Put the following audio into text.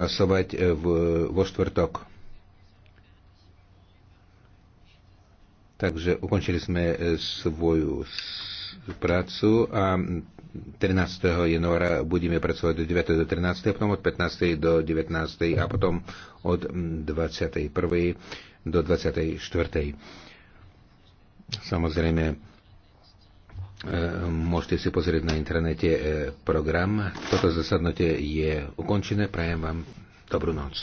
hlasovať e, v, vo štvrtok. Takže ukončili sme e, svoju prácu a 13. januára budeme pracovať do 9. do 13. potom od 15. do 19. a potom od 21. do 24. Samozrejme, Eh, môžete si pozrieť na internete eh, program. Toto zasadnutie je ukončené. Prajem vám dobrú noc.